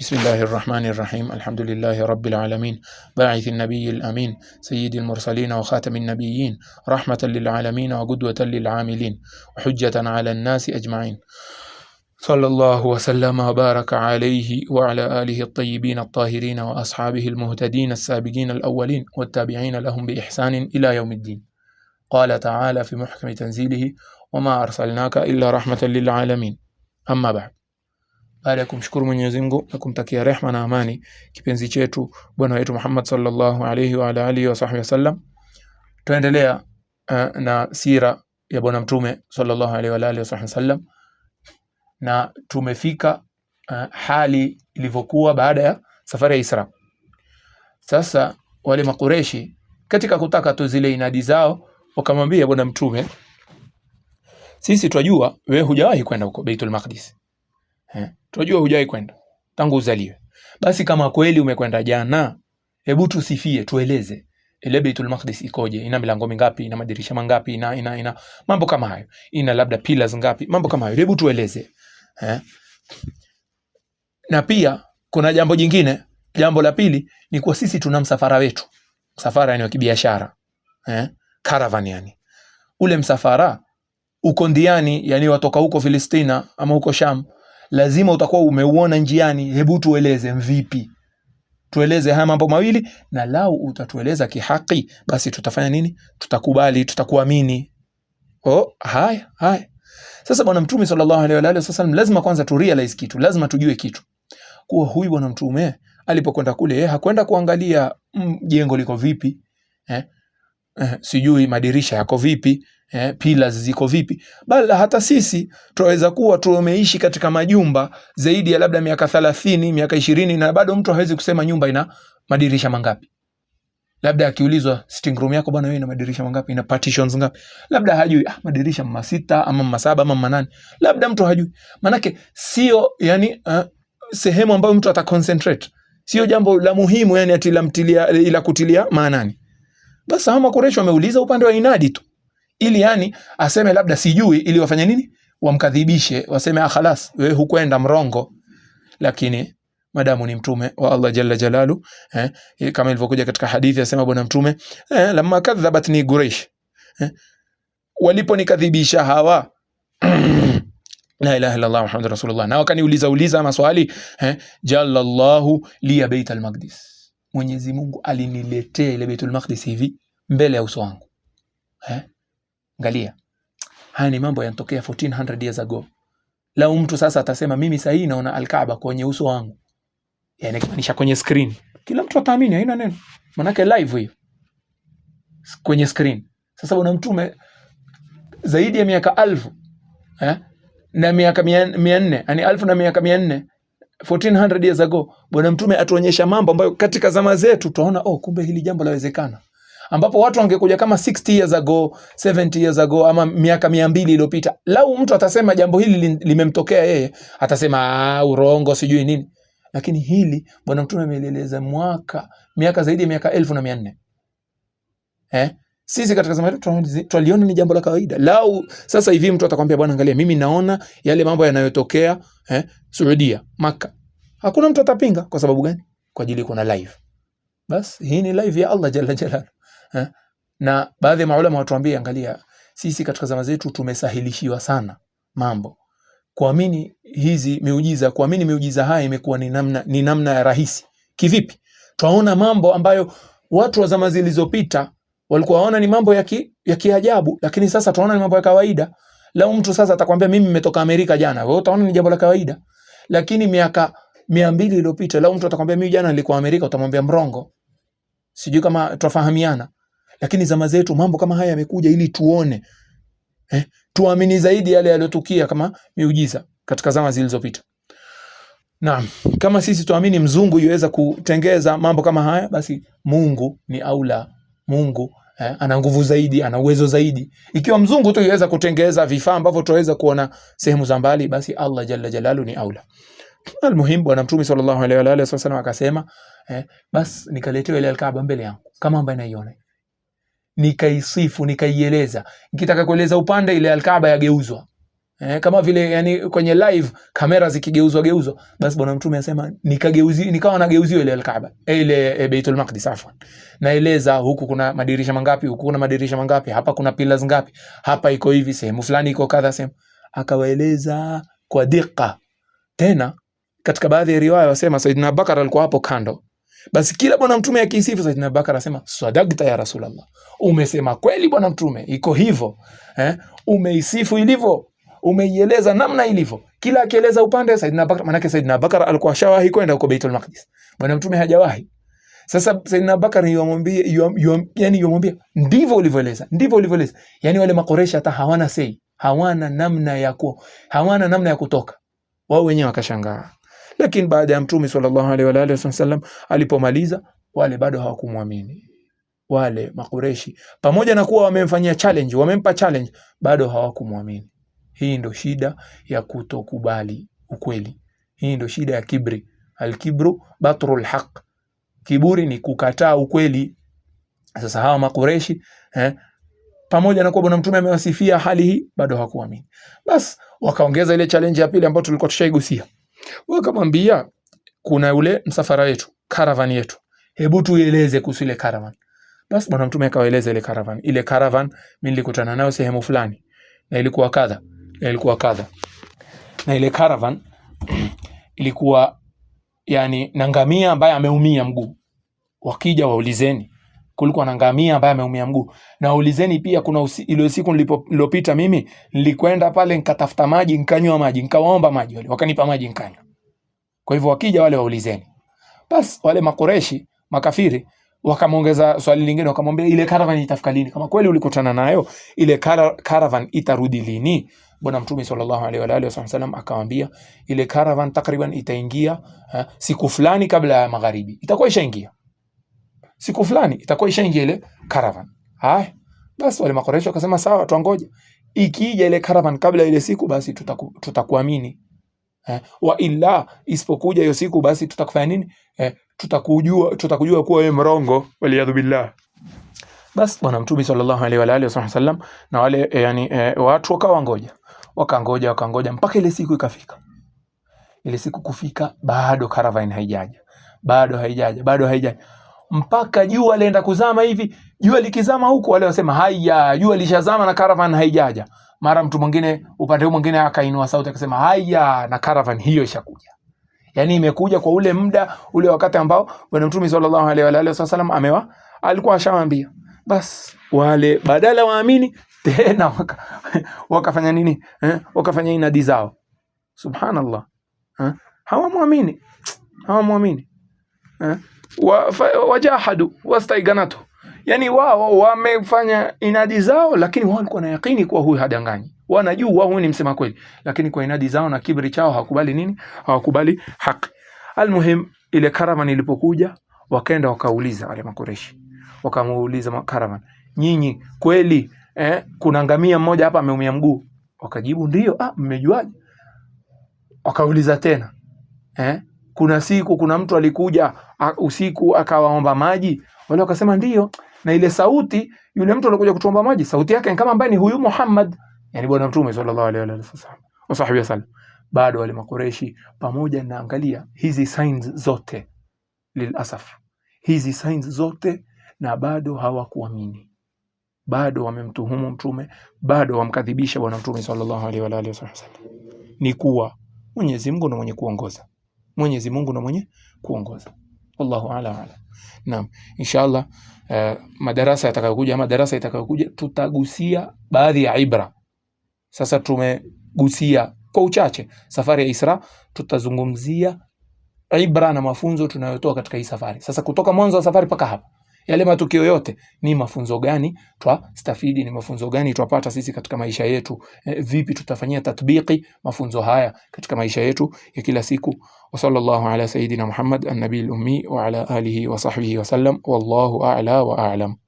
بسم الله الرحمن الرحيم الحمد لله رب العالمين باعث النبي الأمين سيد المرسلين وخاتم النبيين رحمة للعالمين وقدوة للعاملين وحجة على الناس أجمعين صلى الله وسلم وبارك عليه وعلى آله الطيبين الطاهرين وأصحابه المهتدين السابقين الأولين والتابعين لهم بإحسان إلى يوم الدين قال تعالى في محكم تنزيله وما أرسلناك إلا رحمة للعالمين أما بعد baada ya kumshukuru Mwenyezi Mungu na kumtakia rehma na amani kipenzi chetu bwana wetu Muhammad sallallahu alayhi wa alihi wa sahbihi wasallam. Tuendelea uh, eh, na sira ya bwana mtume sallallahu alayhi wa alihi wa sahbihi wasallam, na tumefika uh, hali ilivyokuwa baada ya safari ya Isra. Sasa wale makureshi katika kutaka tu zile inadi zao wakamwambia bwana mtume, sisi twajua wewe hujawahi kwenda huko Baitul Maqdis Eh, tunajua hujai kwenda tangu uzaliwe. Basi kama kweli umekwenda jana, hebu tusifie, tueleze ile eh, Baitul Maqdis ikoje, ina milango mingapi, ina madirisha mangapi, ina ina ina mambo kama hayo, ina labda pillars ngapi, mambo kama hayo, hebu tueleze eh. Na pia kuna jambo jingine, jambo la pili ni kwa sisi tuna msafara wetu, msafara yani wa kibiashara eh, caravan yani ule msafara uko ndiani, yani watoka huko Filistina ama huko Sham lazima utakuwa umeuona njiani. Hebu tueleze mvipi, tueleze haya mambo mawili, na lau utatueleza kihaki, basi tutafanya nini? Tutakubali, tutakuamini. Oh, haya haya. Sasa Bwana Mtume sallallahu alaihi wasallam, lazima kwanza tu realize kitu, lazima tujue kitu kuwa huyu Bwana Mtume alipokwenda kule yeye hakwenda kuangalia mm, jengo liko vipi eh, eh, sijui madirisha yako vipi eh, pillars ziko vipi, bali hata sisi tunaweza kuwa tumeishi katika majumba zaidi ya labda miaka thalathini, miaka ishirini na bado mtu hawezi kusema nyumba ina madirisha mangapi. Labda akiulizwa sitting room yako bwana, wewe ina madirisha mangapi, ina partitions ngapi, labda hajui. Ah, madirisha masita ama masaba ama manane, labda mtu hajui. Manake sio yani, uh, sehemu ambayo mtu ataconcentrate sio jambo la muhimu yani ati la mtilia, ila kutilia maanani. Basi hawa Makureshi wameuliza upande wa inadi tu ili yani aseme labda sijui, ili wafanye nini? Wamkadhibishe, waseme ah, khalas wewe hukwenda mrongo. Lakini madamu ni mtume wa Allah jalla jalalu eh, eh kama ilivyokuja katika hadithi asema bwana mtume eh, lamma ni Quraysh eh, waliponikadhibisha hawa La ilaha Allah Muhammadur Rasulullah, na wakaniuliza uliza maswali eh, jalla Allahu li Bait al-Maqdis, Mwenyezi Mungu aliniletea ile Baitul Maqdis hivi mbele ya uso wangu eh Angalia, haya ni mambo yanatokea 1400 years ago. Lau mtu sasa atasema mimi sasa hii naona Al-Kaaba kwenye uso wangu, Yaani kimaanisha kwenye screen, kila mtu ataamini, haina neno, manake live hiyo kwenye screen. Sasa bwana mtume zaidi ya miaka alfu eh, na miaka mia nne yani alfu na miaka mia nne 1400 years ago, bwana mtume atuonyesha mambo ambayo katika zama zetu tunaona oh, kumbe hili jambo lawezekana ambapo watu wangekuja kama 60 years ago, 70 years ago ama miaka 200 iliyopita, lau mtu atasema jambo hili limemtokea yeye, atasema ah, urongo, sijui nini, lakini hili Bwana Mtume ameeleza mwaka miaka zaidi ya miaka elfu na mia nne eh? Sisi katika zama letu twaliona ni jambo la kawaida. Lau sasa hivi mtu atakwambia, bwana, angalia, mimi naona yale mambo yanayotokea eh, Saudia, Maka, hakuna mtu atapinga. Kwa sababu gani? Kwa ajili kuna live. Bas, hii ni live ya Allah jalla jalal. Ha? Na baadhi ya maulama watuambia, angalia, sisi katika zama zetu tumesahilishiwa sana mambo. Kuamini hizi miujiza, kuamini miujiza haya imekuwa ni namna, ni namna ya rahisi. Kivipi? Twaona mambo ambayo watu wa zama zilizopita walikuwa waona ni mambo ya ki, ya kiajabu, lakini sasa tunaona ni mambo ya kawaida. Lau mtu sasa atakwambia mimi nimetoka Amerika jana, wewe utaona ni jambo la kawaida, lakini miaka mia mbili iliyopita, lau mtu atakwambia mimi jana nilikuwa Amerika, utamwambia mrongo. Sijui kama twafahamiana. Lakini zama zetu mambo kama haya yamekuja ili tuone eh, tuamini zaidi yale yaliyotukia kama miujiza katika zama zilizopita. Na kama sisi tuamini mzungu yuweza kutengeza mambo kama haya, basi Mungu ni aula. Mungu eh, ana nguvu zaidi, ana uwezo zaidi. Ikiwa mzungu tu yuweza kutengeza vifaa ambavyo tunaweza kuona sehemu za mbali, basi Allah jalla jalalu ni aula. Almuhim, Bwana Mtume sallallahu alaihi wa alihi wasallam akasema eh, basi nikaletewa ile Alkaaba mbele yangu kama ambaye naiona nikaisifu nikaieleza. Nikitaka kueleza upande, ile Alkaaba yageuzwa eh, kama vile yani kwenye live kamera zikigeuzwa geuzwa, basi bwana mtume anasema nikageuzi, nikawa nageuziwa ile Alkaaba eh, ile e, Baitul Maqdis afwan, naeleza huku kuna madirisha mangapi, huku kuna madirisha mangapi, hapa kuna pillars ngapi, hapa iko hivi, sehemu fulani iko kadha sehemu, akawaeleza kwa dika tena. Katika baadhi ya riwaya wasema Saidina Abubakar alikuwa hapo kando basi kila Bwana Mtume akisifu, Saidina Abubakar anasema sadakta ya Rasulallah, umesema kweli Bwana Mtume, iko hivyo eh? Umeisifu ilivyo, umeieleza namna ilivyo, kila akieleza upande Saidina Abubakar. yake Saidina Abubakar alikuwa ashawahi kwenda huko Baitul Maqdis, Bwana Mtume hajawahi. Sasa Saidina Abubakar yomwambie, yani yomwambie, ndivyo ulivyoeleza, ndivyo ulivyoeleza. Yani wale makoresha hata hawana sei, hawana namna ya ku, hawana namna ya kutoka wao wenyewe wakashangaa. Lakini baada ya Mtume sallallahu alaihi wa alihi wasallam alipomaliza, wale bado hawakumwamini wale Makureshi, pamoja na kuwa wamemfanyia challenge, wamempa challenge, bado hawakumwamini. Hii ndo shida ya kutokubali ukweli. Hii ndo shida ya kibri. Alkibru batrul haq, kiburi ni kukataa ukweli. Sasa hawa Makureshi eh, pamoja na kuwa Bwana Mtume amewasifia hali hii, bado hawakuamini. Bas wakaongeza ile challenge ya pili ambayo tulikuwa tushaigusia wewe kamwambia kuna ule msafara wetu, caravan yetu, hebu tuieleze kuhusu ile caravan. Basi bwana mtume akawaeleza ile caravan. Ile caravan mimi nilikutana nayo sehemu fulani na ilikuwa kadha na ilikuwa kadha, na ile caravan ilikuwa yani na ngamia ambaye ameumia mguu, wakija waulizeni kuliko na ngamia ambaye ameumia mguu. Na ulizeni pia, kuna ile siku nilipopita mimi nilikwenda pale nikatafuta maji nikanywa maji, nikawaomba maji wale, wakanipa maji nikanywa. Kwa hivyo wakija wale waulizeni. Bas wale makoreshi makafiri wakamongeza swali lingine, wakamwambia ile caravan itafika lini? Kama kweli ulikutana nayo ile caravan itarudi lini? Bwana Mtume sallallahu alaihi wa alihi wasallam akamwambia ile caravan takriban itaingia ha, eh, siku fulani kabla ya magharibi itakuwa ishaingia siku fulani itakuwa ishaingia ile caravan. Haya basi, wale makoresho wakasema sawa, twangoja ikija ile caravan kabla ile siku, basi tutaku, tutakuamini eh, wa illa, isipokuja hiyo siku, basi tutakufanya nini eh, tutakujua, tutakujua kuwa wewe mrongo, waliyadhu billah. Basi bwana Mtume sallallahu alaihi wa alihi wasallam na wale eh, yani, e, watu wakawa ngoja wakangoja wakangoja mpaka ile siku ikafika. Ile siku kufika, bado caravan haijaja, bado haijaja, bado haijaja mpaka jua lenda kuzama hivi. Jua likizama huku, wale wasema haya, jua lishazama na caravan haijaja. Mara mtu mwingine upande huu mwingine akainua sauti akasema haya, na caravan hiyo ishakuja. Yani imekuja kwa ule muda ule, wakati ambao bwana Mtume sallallahu alaihi wa alihi wasallam amewa alikuwa ashawaambia. Bas wale badala waamini tena waka, wakafanya nini eh? Wakafanya inadi zao. Subhanallah eh? Hawamwamini, hawamwamini eh? wajahadu wastaiganatu, yani wao wamefanya inadi zao, lakini wao walikuwa na yakini kuwa huyu hadanganyi, wanajua huyu ni msema kweli, lakini kwa inadi zao na kibri chao hawakubali nini, hawakubali haki. Almuhim, ile karavan ilipokuja wakaenda wakauliza wale Makureshi, wakamuuliza karavan, nyinyi kweli eh, kuna ngamia mmoja hapa ameumia mguu? Wakajibu ndio. Ah, mmejuaje? Wakauliza tena eh kuna siku kuna mtu alikuja usiku akawaomba maji, wale wakasema ndio, na ile sauti yule mtu alikuja kutuomba maji, sauti yake ni kama ambaye ni huyu Muhammad, yani bwana Mtume sallallahu alaihi wa sallam wa sahbihi wasallam. Bado wale Makureshi pamoja na angalia hizi signs zote, lilasaf, hizi signs zote, na bado hawakuamini, bado wamemtuhumu Mtume, bado wamkadhibisha bwana Mtume sallallahu alaihi wa alihi wasallam. Ni kuwa Mwenyezi Mungu ndiye mwenye kuongoza. Mwenyezi Mungu na mwenye kuongoza. Wallahu ala ala. Naam, inshallah uh, madarasa yatakayokuja ama darasa itakayokuja tutagusia baadhi ya ibra. Sasa tumegusia kwa uchache safari ya Isra, tutazungumzia ibra na mafunzo tunayotoa katika hii safari. Sasa kutoka mwanzo wa safari mpaka hapa yale matukio yote ni mafunzo gani twa stafidi, ni mafunzo gani twapata sisi katika maisha yetu e, vipi tutafanyia tatbiki mafunzo haya katika maisha yetu ya kila siku. Wa sallallahu ala sayidina Muhammad an nabiyil ummi wa ala alihi wa sahbihi sallam, wallahu a'la wa a'lam.